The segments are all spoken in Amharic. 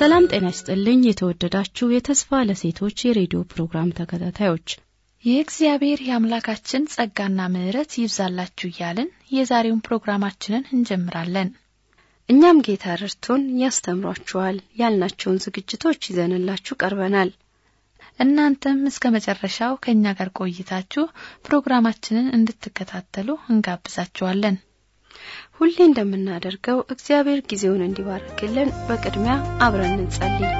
ሰላም ጤና ይስጥልኝ። የተወደዳችሁ የተስፋ ለሴቶች የሬዲዮ ፕሮግራም ተከታታዮች የእግዚአብሔር የአምላካችን ጸጋና ምሕረት ይብዛላችሁ እያልን የዛሬውን ፕሮግራማችንን እንጀምራለን። እኛም ጌታ ረድቶን ያስተምሯችኋል ያልናቸውን ዝግጅቶች ይዘንላችሁ ቀርበናል። እናንተም እስከ መጨረሻው ከእኛ ጋር ቆይታችሁ ፕሮግራማችንን እንድትከታተሉ እንጋብዛችኋለን። ሁሌ እንደምናደርገው እግዚአብሔር ጊዜውን እንዲባርክልን በቅድሚያ አብረን እንጸልይ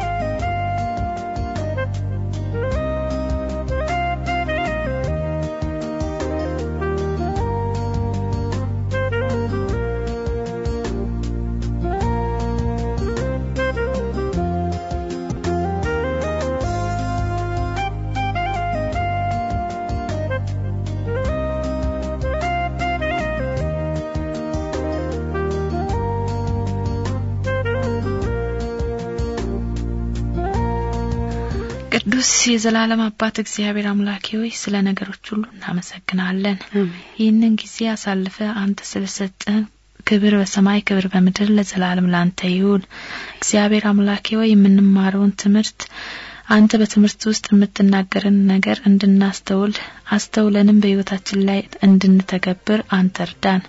ቅዱስ የዘላለም አባት እግዚአብሔር አምላኬ ሆይ ስለ ነገሮች ሁሉ እናመሰግናለን። ይህንን ጊዜ አሳልፈ አንተ ስለሰጠን ክብር በሰማይ ክብር በምድር ለዘላለም ላንተ ይሁን። እግዚአብሔር አምላኬ ሆይ የምንማረውን ትምህርት አንተ በትምህርት ውስጥ የምትናገርን ነገር እንድናስተውል አስተውለንም በህይወታችን ላይ እንድንተገብር አንተ እርዳን።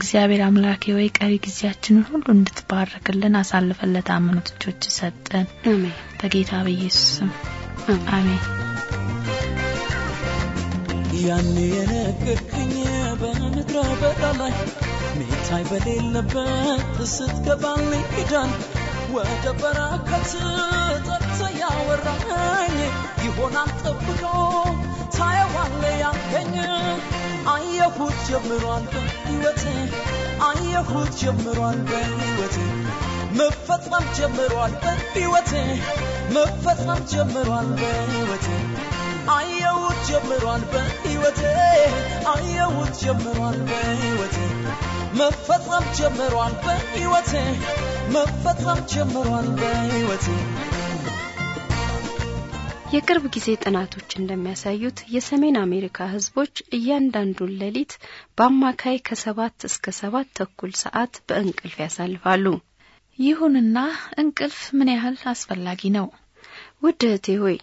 እግዚአብሔር አምላኬ ወይ ቀሪ ጊዜያችንን ሁሉ እንድትባረክልን አሳልፈለት አመኖቶቾች ሰጠን በጌታ በኢየሱስም አሜን። ያኔ የነገርከኝ በምድረ በዳ ላይ ሜታይ በሌለበት ስትገባልኝ ኪዳን ወደ በረከት ጠርተ ያወራኝ ይሆናል ጠብቆ ታየዋለ ያልከኝ አየሁት ጀምሯል በሕይወቴ አየሁት ጀምሯል በሕይወቴ መፈጸም ጀምሯል በሕይወቴ መፈጸም ጀምሯል በሕይወቴ አየሁት ጀምሯል በሕይወቴ አየሁት ጀምሯል በሕይወቴ መፈጸም ጀምሯል በሕይወቴ መፈጸም ጀምሯል በሕይወቴ የቅርብ ጊዜ ጥናቶች እንደሚያሳዩት የሰሜን አሜሪካ ህዝቦች እያንዳንዱን ሌሊት በአማካይ ከሰባት እስከ ሰባት ተኩል ሰዓት በእንቅልፍ ያሳልፋሉ። ይሁንና እንቅልፍ ምን ያህል አስፈላጊ ነው። ውድ እህቴ ሆይ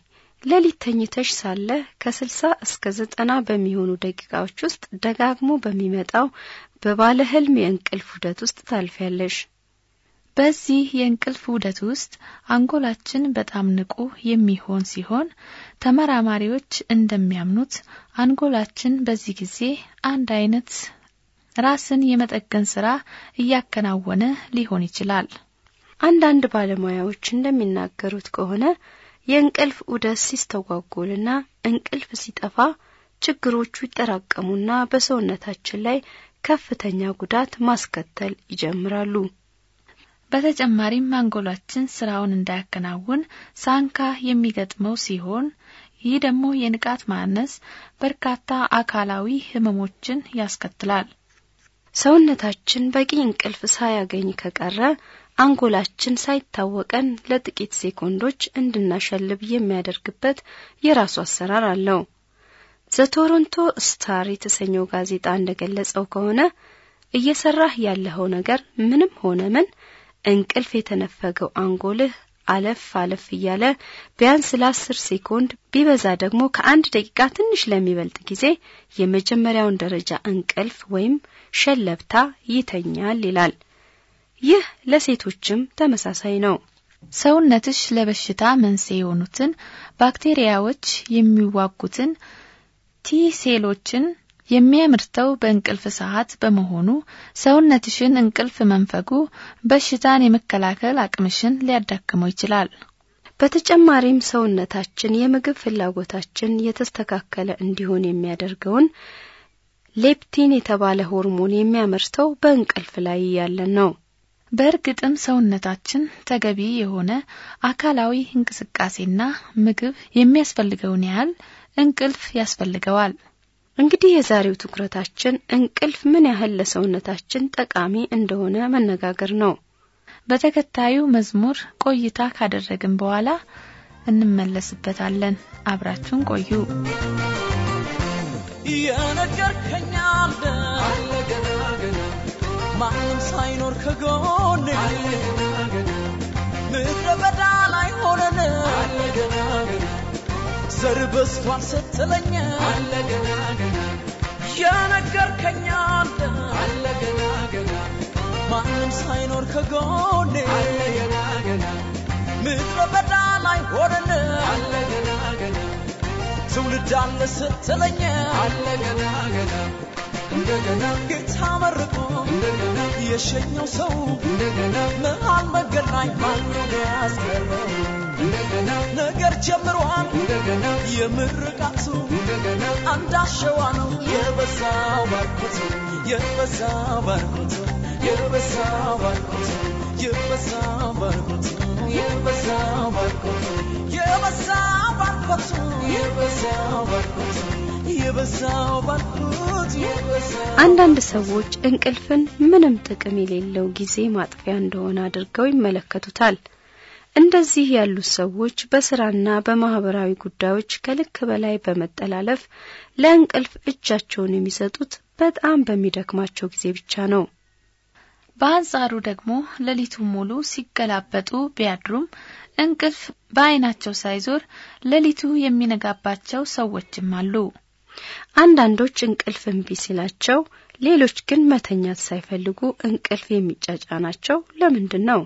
ሌሊት ተኝተሽ ሳለ ከስልሳ እስከ ዘጠና በሚሆኑ ደቂቃዎች ውስጥ ደጋግሞ በሚመጣው በባለ ህልም የእንቅልፍ ውደት ውስጥ ታልፊያለሽ። በዚህ የእንቅልፍ ውደት ውስጥ አንጎላችን በጣም ንቁ የሚሆን ሲሆን ተመራማሪዎች እንደሚያምኑት አንጎላችን በዚህ ጊዜ አንድ አይነት ራስን የመጠገን ስራ እያከናወነ ሊሆን ይችላል። አንዳንድ ባለሙያዎች እንደሚናገሩት ከሆነ የእንቅልፍ ዑደት ሲስተጓጎልና እንቅልፍ ሲጠፋ ችግሮቹ ይጠራቀሙና በሰውነታችን ላይ ከፍተኛ ጉዳት ማስከተል ይጀምራሉ። በተጨማሪም አንጎላችን ስራውን እንዳያከናውን ሳንካ የሚገጥመው ሲሆን ይህ ደግሞ የንቃት ማነስ፣ በርካታ አካላዊ ህመሞችን ያስከትላል። ሰውነታችን በቂ እንቅልፍ ሳያገኝ ከቀረ አንጎላችን ሳይታወቀን ለጥቂት ሴኮንዶች እንድናሸልብ የሚያደርግበት የራሱ አሰራር አለው። ዘቶሮንቶ ስታር የተሰኘው ጋዜጣ እንደገለጸው ከሆነ እየሰራህ ያለኸው ነገር ምንም ሆነ ምን እንቅልፍ የተነፈገው አንጎልህ አለፍ አለፍ እያለ ቢያንስ ለአስር ሴኮንድ ቢበዛ ደግሞ ከአንድ ደቂቃ ትንሽ ለሚበልጥ ጊዜ የመጀመሪያውን ደረጃ እንቅልፍ ወይም ሸለብታ ይተኛል ይላል። ይህ ለሴቶችም ተመሳሳይ ነው። ሰውነትሽ ለበሽታ መንስኤ የሆኑትን ባክቴሪያዎች የሚዋጉትን ቲ ሴሎችን የሚያምርተው በእንቅልፍ ሰዓት በመሆኑ ሰውነትሽን እንቅልፍ መንፈጉ በሽታን የመከላከል አቅምሽን ሊያዳክመው ይችላል። በተጨማሪም ሰውነታችን የምግብ ፍላጎታችን የተስተካከለ እንዲሆን የሚያደርገውን ሌፕቲን የተባለ ሆርሞን የሚያመርተው በእንቅልፍ ላይ ያለን ነው። በእርግጥም ሰውነታችን ተገቢ የሆነ አካላዊ እንቅስቃሴና ምግብ የሚያስፈልገውን ያህል እንቅልፍ ያስፈልገዋል። እንግዲህ የዛሬው ትኩረታችን እንቅልፍ ምን ያህል ለሰውነታችን ጠቃሚ እንደሆነ መነጋገር ነው። በተከታዩ መዝሙር ቆይታ ካደረግን በኋላ እንመለስበታለን። አብራችሁን ቆዩ። የነገርከኝ ማንም ሳይኖር ከጎን ምድረ በዳ ላይ ሆነን ዘር በስቷል ስትለኛ አለ ገና ገና የነገርከኛ አለ አለ ገና ገና ማንም ሳይኖር ከጎኔ አለ ገና ገና ምድረ በዳ ላይ ሆነን አለ ገና ገና ትውልድ አለ ስትለኝ አለ ገና እንደገና ጌታ መርቆ እንደገና የሸኘው ሰው እንደገና መሃል መገናኝ ማን ያስገረው ነገር ጀምሯን የምርቃቱ አንድ ነው የበዛ አንዳንድ ሰዎች እንቅልፍን ምንም ጥቅም የሌለው ጊዜ ማጥፊያ እንደሆነ አድርገው ይመለከቱታል። እንደዚህ ያሉት ሰዎች በስራና በማህበራዊ ጉዳዮች ከልክ በላይ በመጠላለፍ ለእንቅልፍ እጃቸውን የሚሰጡት በጣም በሚደክማቸው ጊዜ ብቻ ነው። በአንጻሩ ደግሞ ሌሊቱን ሙሉ ሲገላበጡ ቢያድሩም እንቅልፍ በአይናቸው ሳይዞር ሌሊቱ የሚነጋባቸው ሰዎችም አሉ። አንዳንዶች እንቅልፍ እምቢ ሲላቸው፣ ሌሎች ግን መተኛት ሳይፈልጉ እንቅልፍ የሚጫጫናቸው ለምንድን ነው?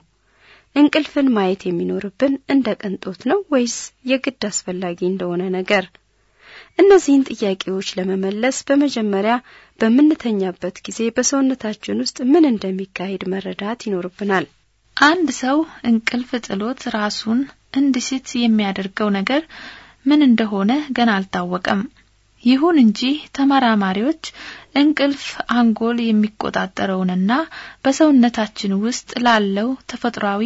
እንቅልፍን ማየት የሚኖርብን እንደ ቅንጦት ነው ወይስ የግድ አስፈላጊ እንደሆነ ነገር? እነዚህን ጥያቄዎች ለመመለስ በመጀመሪያ በምንተኛበት ጊዜ በሰውነታችን ውስጥ ምን እንደሚካሄድ መረዳት ይኖርብናል። አንድ ሰው እንቅልፍ ጥሎት ራሱን እንዲስት የሚያደርገው ነገር ምን እንደሆነ ገና አልታወቀም። ይሁን እንጂ ተመራማሪዎች እንቅልፍ አንጎል የሚቆጣጠረውንና በሰውነታችን ውስጥ ላለው ተፈጥሯዊ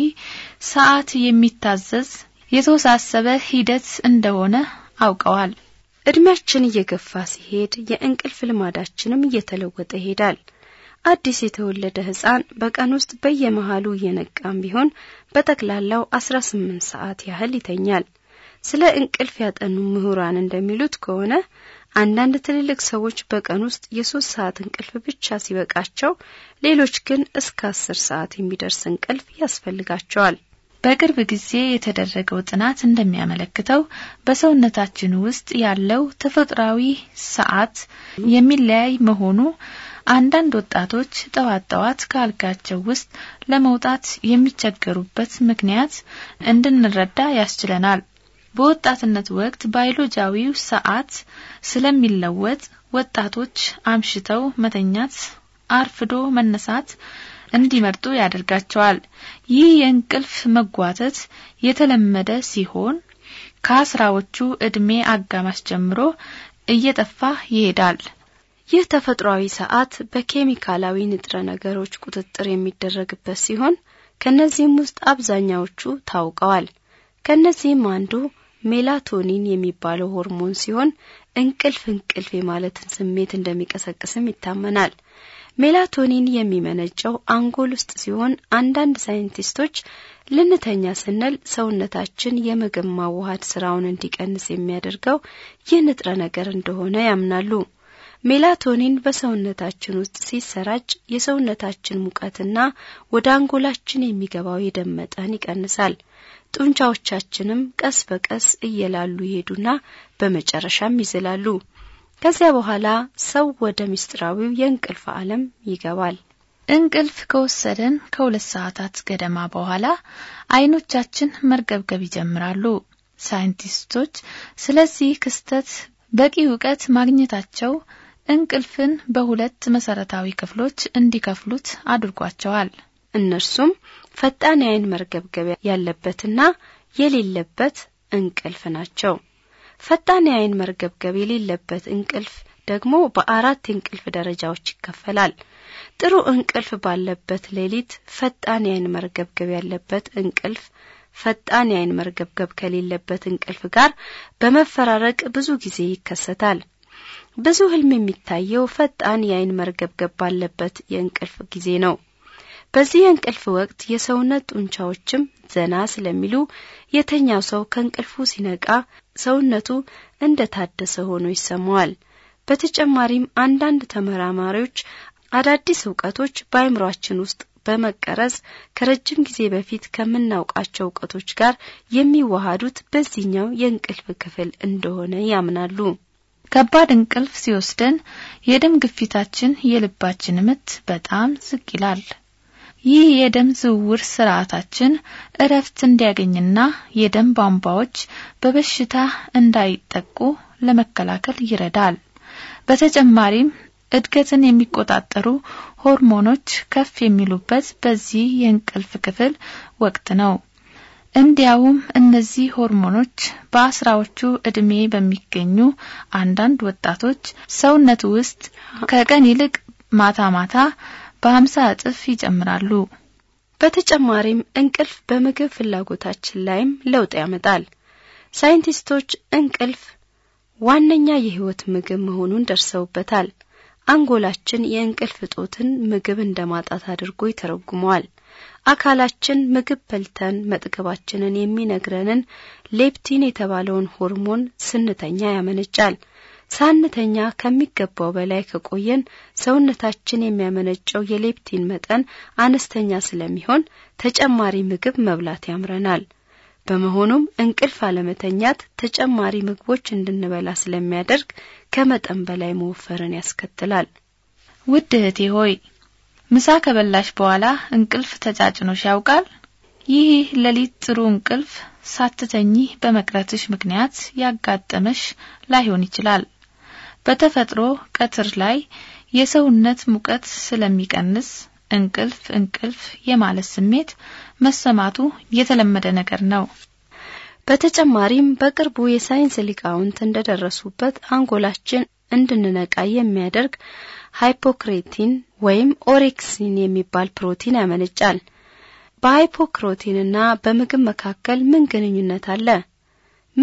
ሰዓት የሚታዘዝ የተወሳሰበ ሂደት እንደሆነ አውቀዋል። እድሜያችን እየገፋ ሲሄድ የእንቅልፍ ልማዳችንም እየተለወጠ ይሄዳል። አዲስ የተወለደ ህፃን በቀን ውስጥ በየመሃሉ እየነቃም ቢሆን በጠቅላላው 18 ሰዓት ያህል ይተኛል። ስለ እንቅልፍ ያጠኑ ምሁራን እንደሚሉት ከሆነ አንዳንድ ትልልቅ ሰዎች በቀን ውስጥ የሶስት ሰዓት እንቅልፍ ብቻ ሲበቃቸው፣ ሌሎች ግን እስከ አስር ሰዓት የሚደርስ እንቅልፍ ያስፈልጋቸዋል። በቅርብ ጊዜ የተደረገው ጥናት እንደሚያመለክተው በሰውነታችን ውስጥ ያለው ተፈጥሯዊ ሰዓት የሚለያይ መሆኑ አንዳንድ ወጣቶች ጠዋት ጠዋት ከአልጋቸው ውስጥ ለመውጣት የሚቸገሩበት ምክንያት እንድንረዳ ያስችለናል። በወጣትነት ወቅት ባዮሎጂያዊው ሰዓት ስለሚለወጥ ወጣቶች አምሽተው መተኛት፣ አርፍዶ መነሳት እንዲመርጡ ያደርጋቸዋል። ይህ የእንቅልፍ መጓተት የተለመደ ሲሆን ከአስራዎቹ ዕድሜ አጋማሽ ጀምሮ እየጠፋ ይሄዳል። ይህ ተፈጥሯዊ ሰዓት በኬሚካላዊ ንጥረ ነገሮች ቁጥጥር የሚደረግበት ሲሆን ከነዚህም ውስጥ አብዛኛዎቹ ታውቀዋል። ከነዚህም አንዱ ሜላቶኒን የሚባለው ሆርሞን ሲሆን እንቅልፍ እንቅልፍ የማለትን ስሜት እንደሚቀሰቅስም ይታመናል። ሜላቶኒን የሚመነጨው አንጎል ውስጥ ሲሆን አንዳንድ ሳይንቲስቶች ልንተኛ ስንል ሰውነታችን የምግብ ማዋሃድ ስራውን እንዲቀንስ የሚያደርገው ይህ ንጥረ ነገር እንደሆነ ያምናሉ። ሜላቶኒን በሰውነታችን ውስጥ ሲሰራጭ የሰውነታችን ሙቀትና ወደ አንጎላችን የሚገባው የደም መጠን ይቀንሳል። ጡንቻዎቻችንም ቀስ በቀስ እየላሉ ይሄዱና በመጨረሻም ይዝላሉ። ከዚያ በኋላ ሰው ወደ ምስጢራዊው የእንቅልፍ ዓለም ይገባል። እንቅልፍ ከወሰደን ከሁለት ሰዓታት ገደማ በኋላ አይኖቻችን መርገብገብ ይጀምራሉ። ሳይንቲስቶች ስለዚህ ክስተት በቂ እውቀት ማግኘታቸው እንቅልፍን በሁለት መሰረታዊ ክፍሎች እንዲከፍሉት አድርጓቸዋል። እነርሱም ፈጣን የአይን መርገብገብ ያለበትና የሌለበት እንቅልፍ ናቸው። ፈጣን የአይን መርገብገብ የሌለበት እንቅልፍ ደግሞ በአራት የእንቅልፍ ደረጃዎች ይከፈላል። ጥሩ እንቅልፍ ባለበት ሌሊት ፈጣን የአይን መርገብገብ ያለበት እንቅልፍ ፈጣን የአይን መርገብገብ ከሌለበት እንቅልፍ ጋር በመፈራረቅ ብዙ ጊዜ ይከሰታል። ብዙ ህልም የሚታየው ፈጣን የአይን መርገብገብ ባለበት የእንቅልፍ ጊዜ ነው። በዚህ የእንቅልፍ ወቅት የሰውነት ጡንቻዎችም ዘና ስለሚሉ የተኛው ሰው ከእንቅልፉ ሲነቃ ሰውነቱ እንደ ታደሰ ሆኖ ይሰማዋል። በተጨማሪም አንዳንድ ተመራማሪዎች አዳዲስ እውቀቶች በአይምሯችን ውስጥ በመቀረጽ ከረጅም ጊዜ በፊት ከምናውቃቸው እውቀቶች ጋር የሚዋሃዱት በዚህኛው የእንቅልፍ ክፍል እንደሆነ ያምናሉ። ከባድ እንቅልፍ ሲወስደን የደም ግፊታችን፣ የልባችን ምት በጣም ዝቅ ይላል። ይህ የደም ዝውውር ስርዓታችን እረፍት እንዲያገኝና የደም ቧንቧዎች በበሽታ እንዳይጠቁ ለመከላከል ይረዳል። በተጨማሪም እድገትን የሚቆጣጠሩ ሆርሞኖች ከፍ የሚሉበት በዚህ የእንቅልፍ ክፍል ወቅት ነው። እንዲያውም እነዚህ ሆርሞኖች በአስራዎቹ እድሜ በሚገኙ አንዳንድ ወጣቶች ሰውነት ውስጥ ከቀን ይልቅ ማታ ማታ በሀምሳ እጥፍ ይጨምራሉ። በተጨማሪም እንቅልፍ በምግብ ፍላጎታችን ላይም ለውጥ ያመጣል። ሳይንቲስቶች እንቅልፍ ዋነኛ የህይወት ምግብ መሆኑን ደርሰውበታል። አንጎላችን የእንቅልፍ እጦትን ምግብ እንደማጣት አድርጎ ይተረጉመዋል። አካላችን ምግብ በልተን መጥገባችንን የሚነግረንን ሌፕቲን የተባለውን ሆርሞን ስንተኛ ያመነጫል። ሳንተኛ ከሚገባው በላይ ከቆየን ሰውነታችን የሚያመነጨው የሌፕቲን መጠን አነስተኛ ስለሚሆን ተጨማሪ ምግብ መብላት ያምረናል። በመሆኑም እንቅልፍ አለመተኛት ተጨማሪ ምግቦች እንድንበላ ስለሚያደርግ ከመጠን በላይ መወፈርን ያስከትላል። ውድ እህቴ ሆይ ምሳ ከበላሽ በኋላ እንቅልፍ ተጫጭኖሽ ያውቃል? ይህ ሌሊት ጥሩ እንቅልፍ ሳትተኚ በመቅረትሽ ምክንያት ያጋጠመሽ ላይሆን ይችላል። በተፈጥሮ ቀትር ላይ የሰውነት ሙቀት ስለሚቀንስ እንቅልፍ እንቅልፍ የማለት ስሜት መሰማቱ የተለመደ ነገር ነው። በተጨማሪም በቅርቡ የሳይንስ ሊቃውንት እንደደረሱበት አንጎላችን እንድንነቃ የሚያደርግ ሃይፖክሬቲን ወይም ኦሬክሲን የሚባል ፕሮቲን ያመነጫል። በሃይፖክሮቲንና በምግብ መካከል ምን ግንኙነት አለ?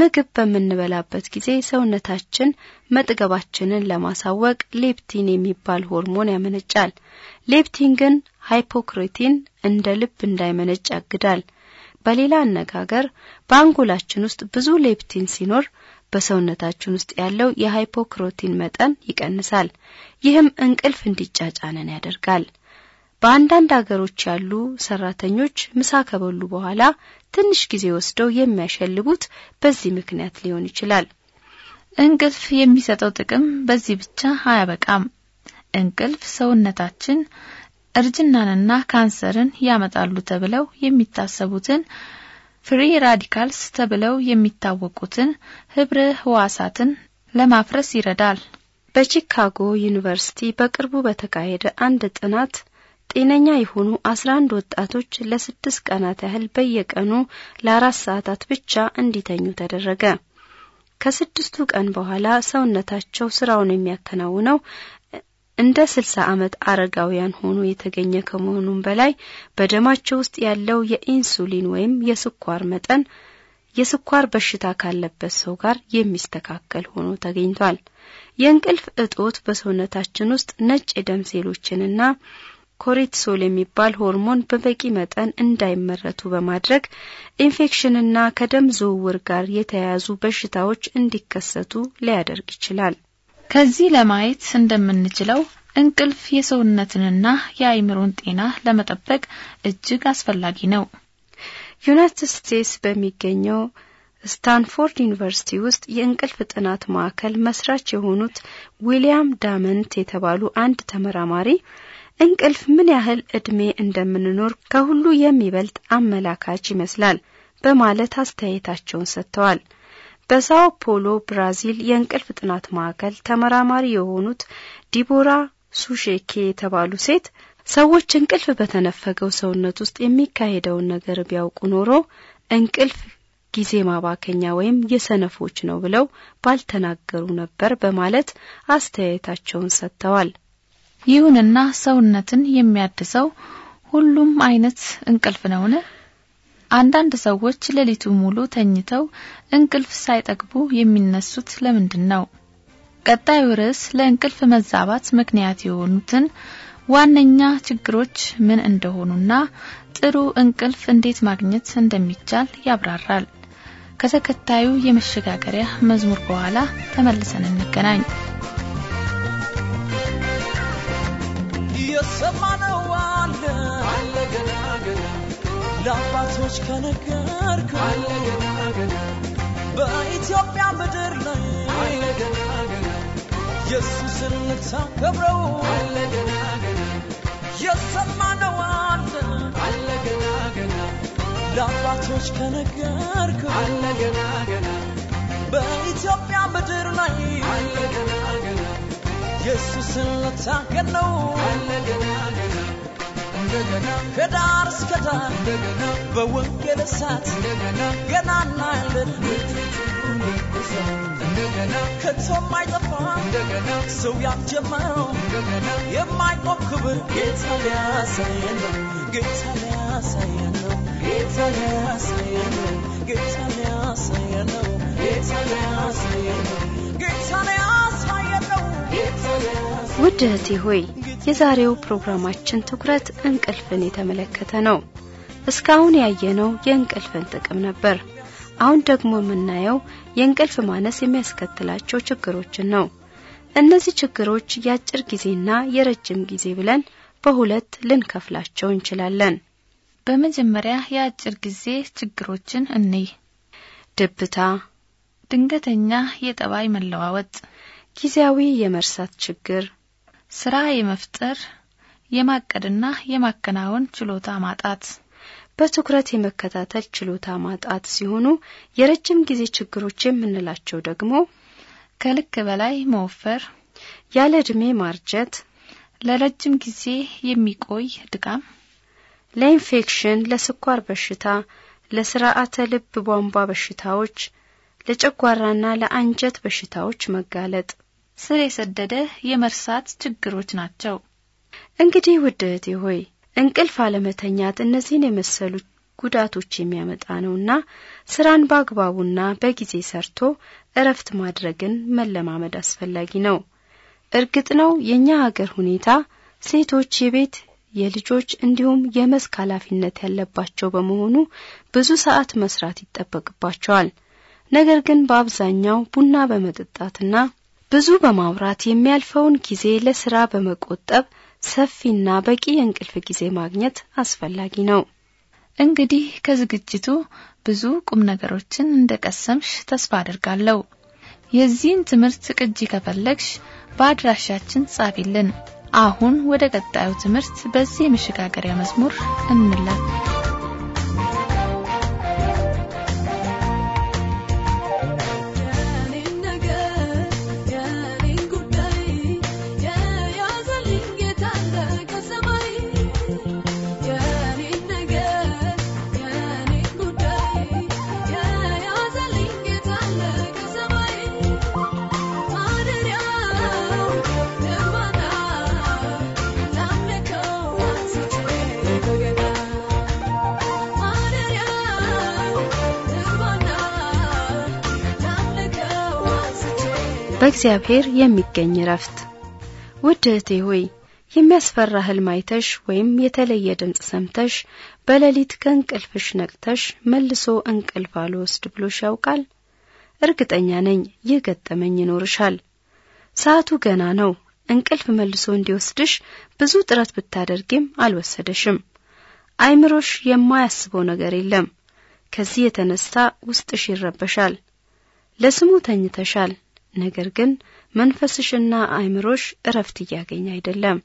ምግብ በምንበላበት ጊዜ ሰውነታችን መጥገባችንን ለማሳወቅ ሌፕቲን የሚባል ሆርሞን ያመነጫል። ሌፕቲን ግን ሃይፖክሬቲን እንደ ልብ እንዳይመነጭ ያግዳል። በሌላ አነጋገር በአንጎላችን ውስጥ ብዙ ሌፕቲን ሲኖር በሰውነታችን ውስጥ ያለው የሃይፖክሮቲን መጠን ይቀንሳል። ይህም እንቅልፍ እንዲጫጫነን ያደርጋል። በአንዳንድ አገሮች ያሉ ሰራተኞች ምሳ ከበሉ በኋላ ትንሽ ጊዜ ወስደው የሚያሸልቡት በዚህ ምክንያት ሊሆን ይችላል። እንቅልፍ የሚሰጠው ጥቅም በዚህ ብቻ አያበቃም። እንቅልፍ ሰውነታችን እርጅናንና ካንሰርን ያመጣሉ ተብለው የሚታሰቡትን ፍሪ ራዲካልስ ተብለው የሚታወቁትን ህብረ ህዋሳትን ለማፍረስ ይረዳል። በቺካጎ ዩኒቨርሲቲ በቅርቡ በተካሄደ አንድ ጥናት ጤነኛ የሆኑ አስራ አንድ ወጣቶች ለስድስት ቀናት ያህል በየቀኑ ለአራት ሰዓታት ብቻ እንዲተኙ ተደረገ። ከስድስቱ ቀን በኋላ ሰውነታቸው ስራውን የሚያከናውነው እንደ ስልሳ ዓመት አረጋውያን ሆኖ የተገኘ ከመሆኑም በላይ በደማቸው ውስጥ ያለው የኢንሱሊን ወይም የስኳር መጠን የስኳር በሽታ ካለበት ሰው ጋር የሚስተካከል ሆኖ ተገኝቷል። የእንቅልፍ እጦት በሰውነታችን ውስጥ ነጭ የደም ሴሎችንና ኮርቲሶል የሚባል ሆርሞን በበቂ መጠን እንዳይመረቱ በማድረግ ኢንፌክሽንና ከደም ዝውውር ጋር የተያያዙ በሽታዎች እንዲከሰቱ ሊያደርግ ይችላል። ከዚህ ለማየት እንደምንችለው እንቅልፍ የሰውነትንና የአእምሮን ጤና ለመጠበቅ እጅግ አስፈላጊ ነው። ዩናይትድ ስቴትስ በሚገኘው ስታንፎርድ ዩኒቨርሲቲ ውስጥ የእንቅልፍ ጥናት ማዕከል መስራች የሆኑት ዊሊያም ዳመንት የተባሉ አንድ ተመራማሪ እንቅልፍ ምን ያህል እድሜ እንደምንኖር ከሁሉ የሚበልጥ አመላካች ይመስላል በማለት አስተያየታቸውን ሰጥተዋል። በሳው ፖሎ ብራዚል የእንቅልፍ ጥናት ማዕከል ተመራማሪ የሆኑት ዲቦራ ሱሼኬ የተባሉ ሴት ሰዎች እንቅልፍ በተነፈገው ሰውነት ውስጥ የሚካሄደውን ነገር ቢያውቁ ኖሮ እንቅልፍ ጊዜ ማባከኛ ወይም የሰነፎች ነው ብለው ባልተናገሩ ነበር በማለት አስተያየታቸውን ሰጥተዋል። ይሁንና ሰውነትን የሚያድሰው ሁሉም አይነት እንቅልፍ ነውን? አንዳንድ ሰዎች ሌሊቱ ሙሉ ተኝተው እንቅልፍ ሳይጠግቡ የሚነሱት ለምንድን ነው? ቀጣዩ ርዕስ ለእንቅልፍ መዛባት ምክንያት የሆኑትን ዋነኛ ችግሮች ምን እንደሆኑና ጥሩ እንቅልፍ እንዴት ማግኘት እንደሚቻል ያብራራል። ከተከታዩ የመሸጋገሪያ መዝሙር በኋላ ተመልሰን እንገናኝ። የሰማነው አለ አለ ገና ገና ለአባቶች ከነገርክ አለ ገና ገና በኢትዮጵያ ምድር ላይ አለ ገና ገና ኢየሱስን ልታከብረው አለ ገና ገና የሰማነው አለ አለ ገና ገና ለአባቶች ከነገርክ አለ ገና ገና በኢትዮጵያ ምድር ላይ አለ ገና ገና ኢየሱስን ልታገል ነው ከዳር እስከ ዳር በወንጌል እሳት ገና ከቶም አይጠፋ ሰው ያጀመረው የማይቆም ክብር ጌታ ሊያሳየን ነው ጌታ ሊያሳየን ነው ጌታ ሊያሳየን ነው ጌታ ሊያሳየን ነው ጌታ ውድ እህቴ ሆይ የዛሬው ፕሮግራማችን ትኩረት እንቅልፍን የተመለከተ ነው። እስካሁን ያየነው የእንቅልፍን ጥቅም ነበር። አሁን ደግሞ የምናየው የእንቅልፍ ማነስ የሚያስከትላቸው ችግሮችን ነው። እነዚህ ችግሮች የአጭር ጊዜና የረጅም ጊዜ ብለን በሁለት ልንከፍላቸው እንችላለን። በመጀመሪያ የአጭር ጊዜ ችግሮችን እንይ። ድብታ፣ ድንገተኛ የጠባይ መለዋወጥ፣ ጊዜያዊ የመርሳት ችግር፣ ስራ የመፍጠር የማቀድና የማከናወን ችሎታ ማጣት፣ በትኩረት የመከታተል ችሎታ ማጣት ሲሆኑ የረጅም ጊዜ ችግሮች የምንላቸው ደግሞ ከልክ በላይ መወፈር፣ ያለ ዕድሜ ማርጀት፣ ለረጅም ጊዜ የሚቆይ ድካም፣ ለኢንፌክሽን፣ ለስኳር በሽታ፣ ለስርዓተ ልብ ቧንቧ በሽታዎች፣ ለጨጓራና ለአንጀት በሽታዎች መጋለጥ ስር የሰደደ የመርሳት ችግሮች ናቸው። እንግዲህ ውድ እህቴ ሆይ እንቅልፍ አለመተኛት እነዚህን የመሰሉ ጉዳቶች የሚያመጣ ነውና ስራን በአግባቡና በጊዜ ሰርቶ እረፍት ማድረግን መለማመድ አስፈላጊ ነው። እርግጥ ነው የእኛ ሀገር ሁኔታ ሴቶች የቤት የልጆች እንዲሁም የመስክ ኃላፊነት ያለባቸው በመሆኑ ብዙ ሰዓት መስራት ይጠበቅባቸዋል። ነገር ግን በአብዛኛው ቡና በመጠጣትና ብዙ በማውራት የሚያልፈውን ጊዜ ለስራ በመቆጠብ ሰፊና በቂ የእንቅልፍ ጊዜ ማግኘት አስፈላጊ ነው። እንግዲህ ከዝግጅቱ ብዙ ቁም ነገሮችን እንደቀሰምሽ ተስፋ አድርጋለሁ። የዚህን ትምህርት ቅጂ ከፈለግሽ በአድራሻችን ጻፊልን። አሁን ወደ ቀጣዩ ትምህርት በዚህ የመሸጋገሪያ መዝሙር እንላል። በእግዚአብሔር የሚገኝ ረፍት። ውድ እህቴ ሆይ የሚያስፈራ ህልም አይተሽ ወይም የተለየ ድምፅ ሰምተሽ በሌሊት ከእንቅልፍሽ ነቅተሽ መልሶ እንቅልፍ አልወስድ ብሎሽ ያውቃል? እርግጠኛ ነኝ ይህ ገጠመኝ ይኖርሻል። ሰዓቱ ገና ነው። እንቅልፍ መልሶ እንዲወስድሽ ብዙ ጥረት ብታደርጊም አልወሰደሽም። አይምሮሽ የማያስበው ነገር የለም። ከዚህ የተነሳ ውስጥሽ ይረበሻል። ለስሙ ተኝተሻል፣ ነገር ግን መንፈስሽና አእምሮሽ እረፍት እያገኝ አይደለም።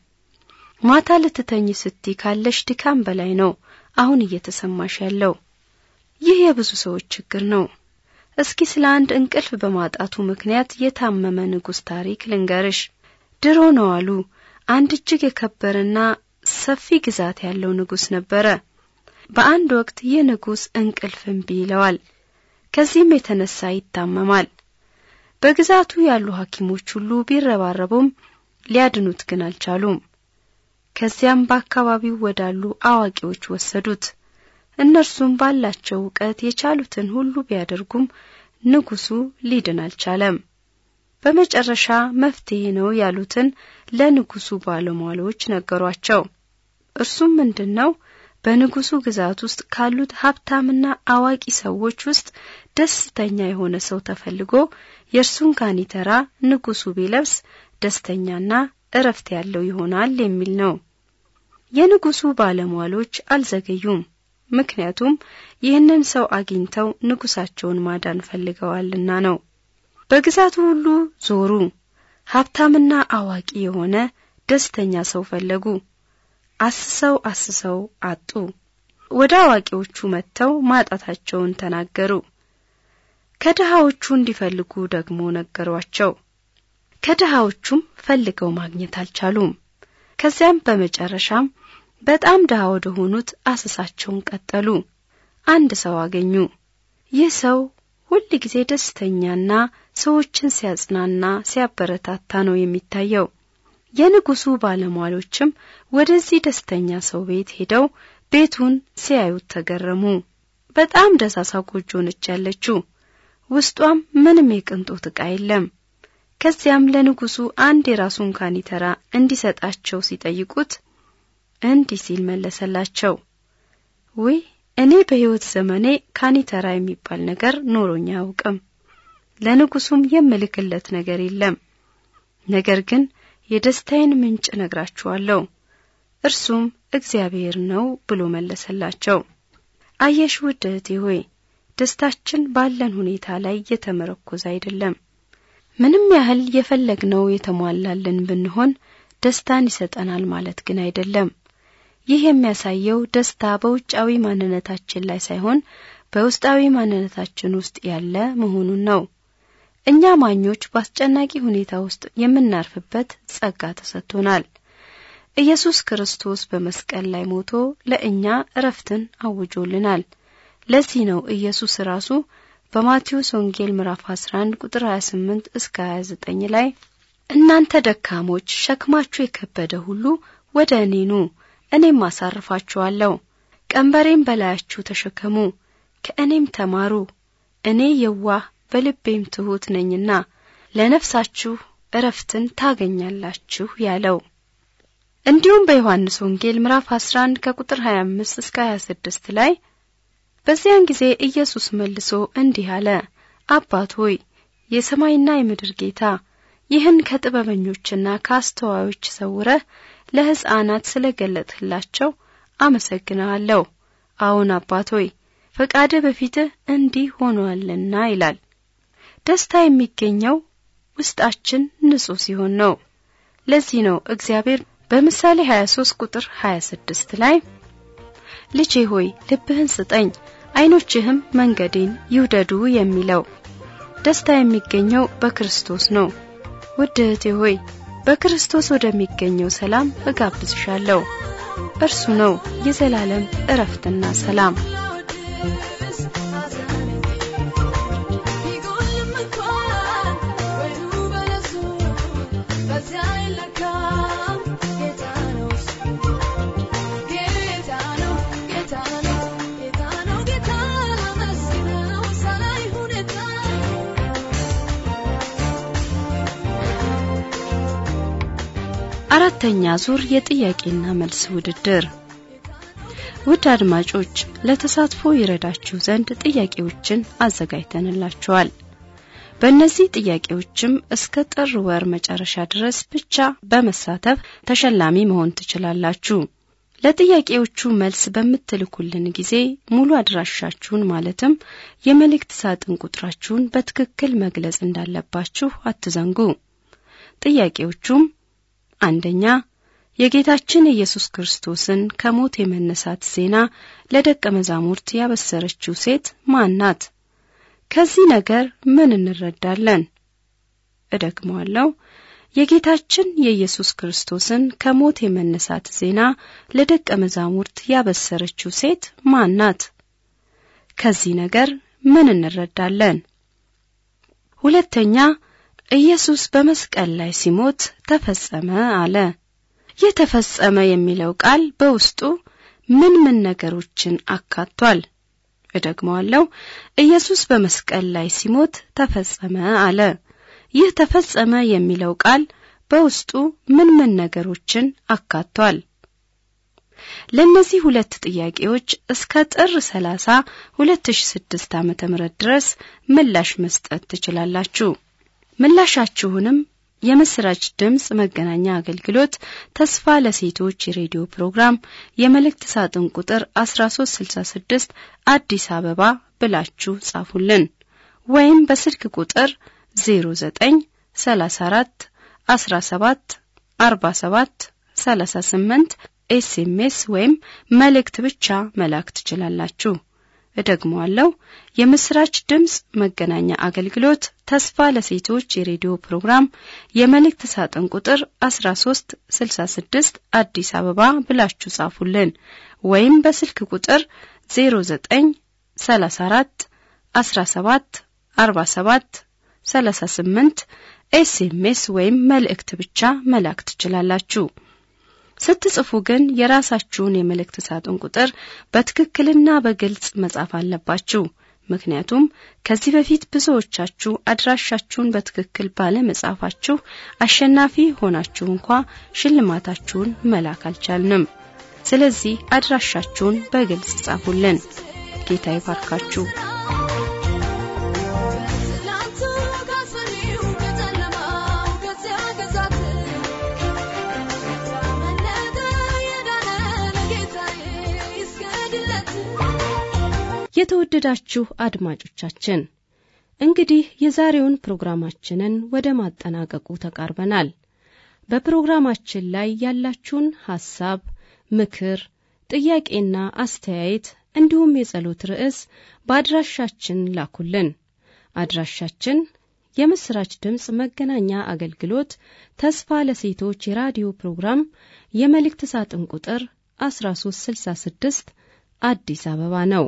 ማታ ልትተኝ ስቲ ካለሽ ድካም በላይ ነው አሁን እየተሰማሽ ያለው። ይህ የብዙ ሰዎች ችግር ነው። እስኪ ስለ አንድ እንቅልፍ በማጣቱ ምክንያት የታመመ ንጉሥ ታሪክ ልንገርሽ። ድሮ ነው አሉ አንድ እጅግ የከበረና ሰፊ ግዛት ያለው ንጉሥ ነበረ። በአንድ ወቅት ይህ ንጉሥ እንቅልፍ እምቢ ይለዋል። ከዚህም የተነሳ ይታመማል። በግዛቱ ያሉ ሐኪሞች ሁሉ ቢረባረቡም ሊያድኑት ግን አልቻሉም። ከዚያም በአካባቢው ወዳሉ አዋቂዎች ወሰዱት። እነርሱም ባላቸው እውቀት የቻሉትን ሁሉ ቢያደርጉም ንጉሱ ሊድን አልቻለም። በመጨረሻ መፍትሄ ነው ያሉትን ለንጉሱ ባለሟሎች ነገሯቸው። እርሱም ምንድነው? በንጉሱ ግዛት ውስጥ ካሉት ሀብታምና አዋቂ ሰዎች ውስጥ ደስተኛ የሆነ ሰው ተፈልጎ የእርሱን ካኒተራ ንጉሱ ቢለብስ ደስተኛና እረፍት ያለው ይሆናል የሚል ነው። የንጉሱ ባለሟሎች አልዘገዩም። ምክንያቱም ይህንን ሰው አግኝተው ንጉሳቸውን ማዳን ፈልገዋልና ነው። በግዛቱ ሁሉ ዞሩ። ሀብታምና አዋቂ የሆነ ደስተኛ ሰው ፈለጉ። አስሰው አስሰው አጡ። ወደ አዋቂዎቹ መጥተው ማጣታቸውን ተናገሩ። ከድሃዎቹ እንዲፈልጉ ደግሞ ነገሯቸው። ከድሃዎቹም ፈልገው ማግኘት አልቻሉም። ከዚያም በመጨረሻም በጣም ድሃ ወደ ሆኑት አሰሳቸውን ቀጠሉ። አንድ ሰው አገኙ። ይህ ሰው ሁል ጊዜ ደስተኛና ሰዎችን ሲያጽናና ሲያበረታታ ነው የሚታየው። የንጉሱ ባለሟሎችም ወደዚህ ደስተኛ ሰው ቤት ሄደው ቤቱን ሲያዩት ተገረሙ። በጣም ደሳሳ ጎጆ ነች ያለችው። ውስጧም ምንም የቅንጦት ዕቃ የለም። ከዚያም ለንጉሱ አንድ የራሱን ካኒተራ እንዲሰጣቸው ሲጠይቁት እንዲህ ሲል መለሰላቸው። ውይ እኔ በሕይወት ዘመኔ ካኒተራ የሚባል ነገር ኖሮኝ አያውቅም። ለንጉሱም የምልክለት ነገር የለም። ነገር ግን የደስታዬን ምንጭ ነግራችኋለሁ፣ እርሱም እግዚአብሔር ነው ብሎ መለሰላቸው። አየሽ ውድ እህቴ ሆይ ደስታችን ባለን ሁኔታ ላይ የተመረኮዘ አይደለም። ምንም ያህል የፈለግነው የተሟላልን ብንሆን ደስታን ይሰጠናል ማለት ግን አይደለም። ይህ የሚያሳየው ደስታ በውጫዊ ማንነታችን ላይ ሳይሆን በውስጣዊ ማንነታችን ውስጥ ያለ መሆኑን ነው። እኛ ማኞች በአስጨናቂ ሁኔታ ውስጥ የምናርፍበት ጸጋ ተሰጥቶናል። ኢየሱስ ክርስቶስ በመስቀል ላይ ሞቶ ለእኛ እረፍትን አውጆልናል። ለዚህ ነው ኢየሱስ ራሱ በማቴዎስ ወንጌል ምዕራፍ 11 ቁጥር 28 እስከ 29 ላይ እናንተ ደካሞች ሸክማችሁ የከበደ ሁሉ ወደ እኔ ኑ፣ እኔም አሳርፋችኋለሁ። ቀንበሬም በላያችሁ ተሸከሙ፣ ከእኔም ተማሩ፣ እኔ የዋህ በልቤም ትሑት ነኝና ለነፍሳችሁ እረፍትን ታገኛላችሁ ያለው እንዲሁም በዮሐንስ ወንጌል ምዕራፍ 11 ከቁጥር 25 እስከ 26 ላይ በዚያን ጊዜ ኢየሱስ መልሶ እንዲህ አለ፣ አባት ሆይ የሰማይና የምድር ጌታ ይህን ከጥበበኞችና ከአስተዋዮች ሰውረ ለሕፃናት ስለገለጥላቸው አመሰግናለሁ። አዎን አባት ሆይ ፈቃድህ በፊትህ እንዲህ ሆኗልና ይላል። ደስታ የሚገኘው ውስጣችን ንጹህ ሲሆን ነው። ለዚህ ነው እግዚአብሔር በምሳሌ 23 ቁጥር 26 ላይ ልጄ ሆይ ልብህን ስጠኝ፣ አይኖችህም መንገዴን ይውደዱ የሚለው ደስታ የሚገኘው በክርስቶስ ነው። ውድ እህቴ ሆይ በክርስቶስ ወደሚገኘው ሰላም እጋብዝሻለሁ። እርሱ ነው የዘላለም እረፍትና ሰላም። አራተኛ ዙር የጥያቄና መልስ ውድድር። ውድ አድማጮች ለተሳትፎ ይረዳችሁ ዘንድ ጥያቄዎችን አዘጋጅተንላችኋል። በእነዚህ ጥያቄዎችም እስከ ጥር ወር መጨረሻ ድረስ ብቻ በመሳተፍ ተሸላሚ መሆን ትችላላችሁ። ለጥያቄዎቹ መልስ በምትልኩልን ጊዜ ሙሉ አድራሻችሁን ማለትም የመልእክት ሳጥን ቁጥራችሁን በትክክል መግለጽ እንዳለባችሁ አትዘንጉ። ጥያቄዎቹም አንደኛ የጌታችን ኢየሱስ ክርስቶስን ከሞት የመነሳት ዜና ለደቀ መዛሙርት ያበሰረችው ሴት ማን ናት? ከዚህ ነገር ምን እንረዳለን? እደግመዋለሁ። የጌታችን የኢየሱስ ክርስቶስን ከሞት የመነሳት ዜና ለደቀ መዛሙርት ያበሰረችው ሴት ማን ናት? ከዚህ ነገር ምን እንረዳለን? ሁለተኛ ኢየሱስ በመስቀል ላይ ሲሞት ተፈጸመ አለ። ይህ ተፈጸመ የሚለው ቃል በውስጡ ምን ምን ነገሮችን አካቷል? እደግመዋለሁ። ኢየሱስ በመስቀል ላይ ሲሞት ተፈጸመ አለ። ይህ ተፈጸመ የሚለው ቃል በውስጡ ምን ምን ነገሮችን አካቷል? ለእነዚህ ሁለት ጥያቄዎች እስከ ጥር 30 2006 ዓ.ም ድረስ ምላሽ መስጠት ትችላላችሁ። ምላሻችሁንም የምስራች ድምጽ መገናኛ አገልግሎት ተስፋ ለሴቶች የሬዲዮ ፕሮግራም የመልእክት ሳጥን ቁጥር 1366 አዲስ አበባ ብላችሁ ጻፉልን ወይም በስልክ ቁጥር 09 34 17 47 38 ኤስኤምኤስ ወይም መልእክት ብቻ መላክ ትችላላችሁ። እደግመዋለሁ። የምስራች ድምፅ መገናኛ አገልግሎት ተስፋ ለሴቶች የሬዲዮ ፕሮግራም የመልእክት ሳጥን ቁጥር 13 66 አዲስ አበባ ብላችሁ ጻፉልን ወይም በስልክ ቁጥር 09 34 17 47 38 ኤስኤምኤስ ወይም መልእክት ብቻ መላክ ትችላላችሁ። ስትጽፉ ግን የራሳችሁን የመልእክት ሳጥን ቁጥር በትክክልና በግልጽ መጻፍ አለባችሁ። ምክንያቱም ከዚህ በፊት ብዙዎቻችሁ አድራሻችሁን በትክክል ባለመጻፋችሁ አሸናፊ ሆናችሁ እንኳ ሽልማታችሁን መላክ አልቻልንም። ስለዚህ አድራሻችሁን በግልጽ ጻፉልን። ጌታ ይባርካችሁ። የተወደዳችሁ አድማጮቻችን እንግዲህ የዛሬውን ፕሮግራማችንን ወደ ማጠናቀቁ ተቃርበናል። በፕሮግራማችን ላይ ያላችሁን ሐሳብ፣ ምክር፣ ጥያቄና አስተያየት እንዲሁም የጸሎት ርዕስ በአድራሻችን ላኩልን። አድራሻችን የምስራች ድምፅ መገናኛ አገልግሎት ተስፋ ለሴቶች የራዲዮ ፕሮግራም የመልእክት ሳጥን ቁጥር 1366 አዲስ አበባ ነው።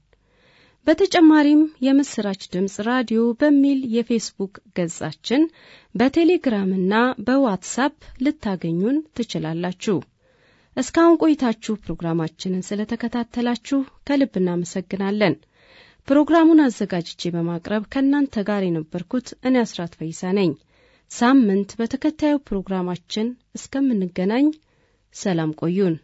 በተጨማሪም የምስራች ድምፅ ራዲዮ በሚል የፌስቡክ ገጻችን በቴሌግራምና በዋትሳፕ ልታገኙን ትችላላችሁ። እስካሁን ቆይታችሁ ፕሮግራማችንን ስለተከታተላችሁ ከልብ እናመሰግናለን። ፕሮግራሙን አዘጋጅቼ በማቅረብ ከእናንተ ጋር የነበርኩት እኔ አስራት ፈይሳ ነኝ። ሳምንት በተከታዩ ፕሮግራማችን እስከምንገናኝ ሰላም ቆዩን።